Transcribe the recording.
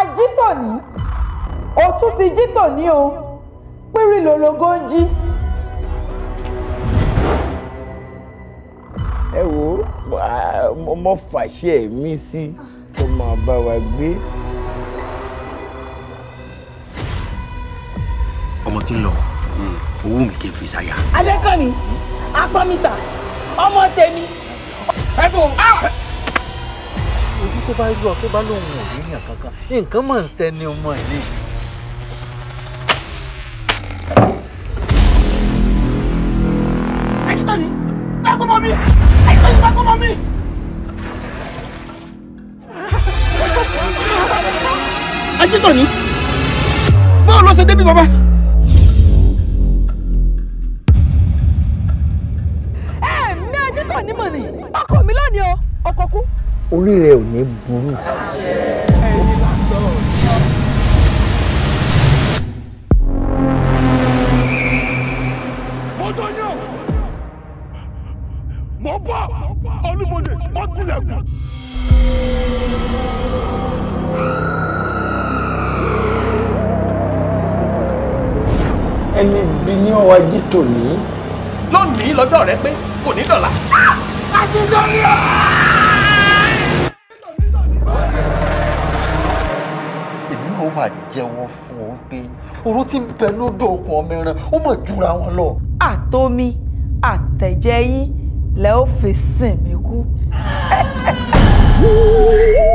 ajítòní ó tún ti jítòní o pírí lologo ń jí. ẹ wo mo fàṣẹ mi sí kó máa bá wa gbé. ọmọ tí ń lọ owó mi kì í fi ṣàyà. adékànnì apámítà ọmọ tèmi. ẹ bò ó. Ah! tó bá rí ọ tó bá lóun ò rí yàn kankan nǹkan mọ̀ ń sẹ́ni ọmọ yìí. àìsítọ́ni báyìí kò mọ mi àìsítọ́ni báyìí kò mọ mi. àìsítọ́ni báwo ló ṣe débi bàbá. ni ọkọ mi lónìí o ọkọ kú orí rẹ ò ní burú. ẹni bí ní ọwọ́ jí tòní. lónìí lọ́jọ́ rẹ pé kò ní dọ̀la. a ah! ti dán ní mà jẹ́wọ́ fún ọ pé oró tí ń bẹ lódò ọkọ̀ ọmọ ó mọ̀ jura wọn lọ. àtomi àtẹ̀jẹ́ yín lẹ́ ó fi sìn kú.